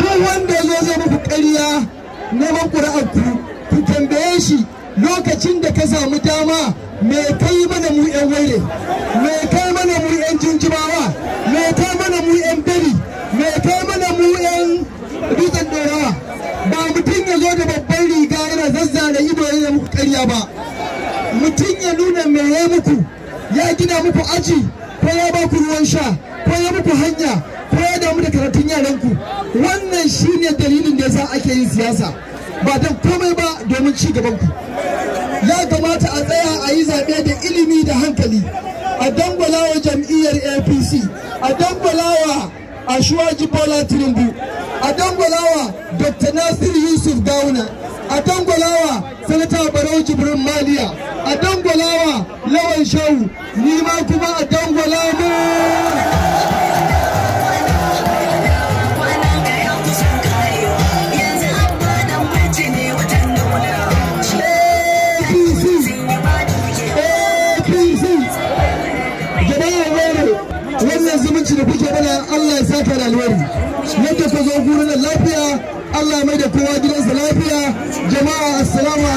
duk wanda ya zo muku ƙarya na ƙuri'arku ku tambaye shi lokacin da ka samu dama me kai mana mu yan waire me kai mana mu yan jinjimawa me kai mana mu yan bari me kai mana mu yan dutsen dorawa ba mutum ya zo da babban riga yana zazzana ido yana muku ƙarya ba mutum ya nuna me ya muku ya gina muku aji ko ya ba ku ruwan sha ko ya muku hanya karatun yaranku wannan shi ne dalilin da sa ake yin siyasa ba don komai ba domin ci gaban ya kamata a tsaya a yi zaɓe da ilimi da hankali a dangwalawa jam'iyyar apc a dangwalawa a shuwaji bola tinubu a dangwalawa dr nasir yusuf dauna a dangwalawa sanata barau jibrin maliya a dangwalawa lawan shawu ni ma kuma a dangwalawa wannan zumunci da kuke mana Allah ya saka da alheri yadda ka zo gurin lafiya Allah mai da kowa gidansa lafiya jama'a assalamu